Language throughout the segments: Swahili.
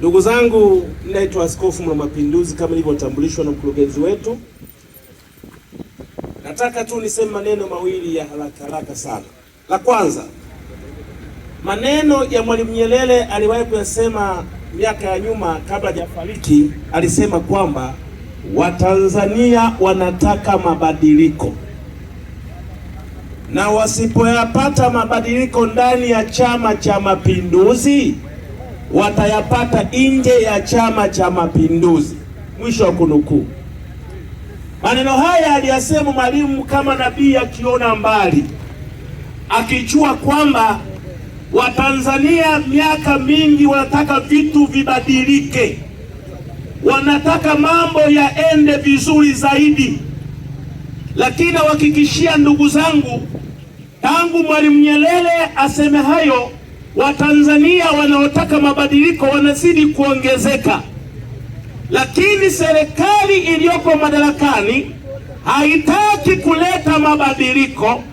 Ndugu zangu, naitwa Askofu mapinduzi kama nilivyotambulishwa na mkurugenzi wetu. Nataka tu niseme maneno mawili ya haraka haraka sana. La kwanza, maneno ya Mwalimu Nyerere aliwahi kuyasema miaka ya nyuma kabla hajafariki. Alisema kwamba Watanzania wanataka mabadiliko na wasipoyapata mabadiliko ndani ya Chama cha Mapinduzi watayapata nje ya Chama cha Mapinduzi, mwisho wa kunukuu. Maneno haya aliyasema Mwalimu kama nabii akiona mbali, akijua kwamba Watanzania miaka mingi wanataka vitu vibadilike, wanataka mambo yaende vizuri zaidi. Lakini nawahakikishia ndugu zangu, tangu Mwalimu Nyerere aseme hayo Watanzania wanaotaka mabadiliko wanazidi kuongezeka, lakini serikali iliyoko madarakani haitaki kuleta mabadiliko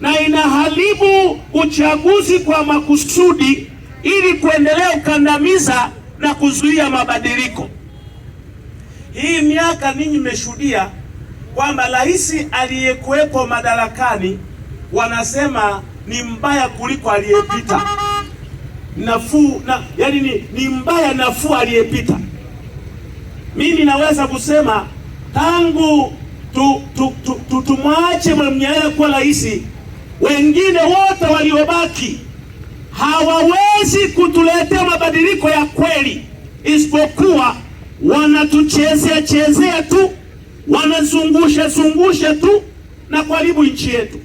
na inaharibu uchaguzi kwa makusudi ili kuendelea ukandamiza na kuzuia mabadiliko. Hii miaka ninyi mmeshuhudia kwamba rais aliyekuwepo madarakani wanasema ni mbaya kuliko aliyepita nafuu na, yani ni, ni mbaya nafuu aliyepita. Mimi naweza kusema tangu tumwache tu, tu, tu, tu, Mwalimu Nyerere kuwa rais, wengine wote waliobaki hawawezi kutuletea mabadiliko ya kweli, isipokuwa wanatuchezea chezea tu, wanazungusha zungusha tu na kuharibu nchi yetu.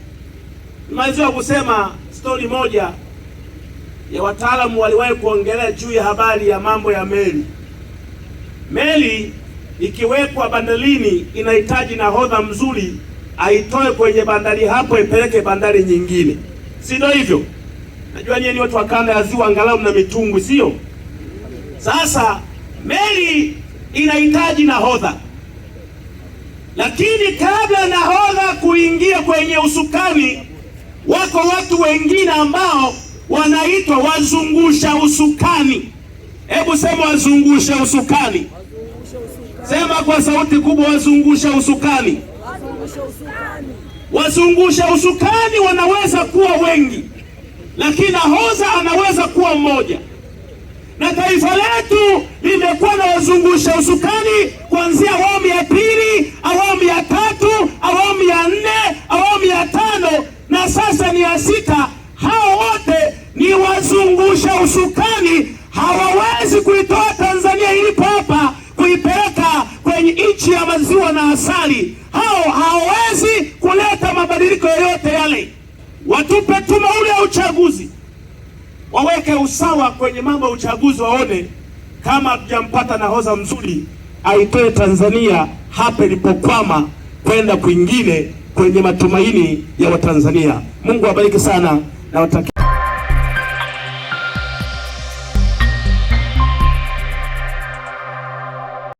Nimaliziwa kusema stori moja ya wataalamu waliwahi kuongelea juu ya habari ya mambo ya meli. Meli ikiwekwa bandarini inahitaji nahodha mzuri aitoe kwenye bandari hapo ipeleke bandari nyingine, si ndio hivyo? Najua nyinyi watu wa kanda ya Ziwa angalau mna mitungwi, sio? Sasa meli inahitaji nahodha, lakini kabla nahodha kuingia kwenye usukani, wako watu wengine ambao wanaitwa wazungusha usukani. Hebu sema wazungusha usukani, sema kwa sauti kubwa, wazungusha usukani. Wazungusha usukani wanaweza kuwa wengi, lakini ahoza anaweza kuwa mmoja, na taifa letu limekuwa na wazungusha usukani kuanzia awamu ya pili, awamu ya tatu, awamu ya nne, awamu ya tano na sasa ni ya sita usukani hawawezi kuitoa Tanzania ilipo hapa kuipeleka kwenye nchi ya maziwa na asali. Hao hawawezi kuleta mabadiliko yoyote yale. Watupe tume ule ya uchaguzi, waweke usawa kwenye mambo ya uchaguzi, waone kama hatujampata nahodha mzuri aitoe Tanzania hapa ilipokwama kwenda kwingine kwenye matumaini ya Watanzania. Mungu awabariki sana na watakia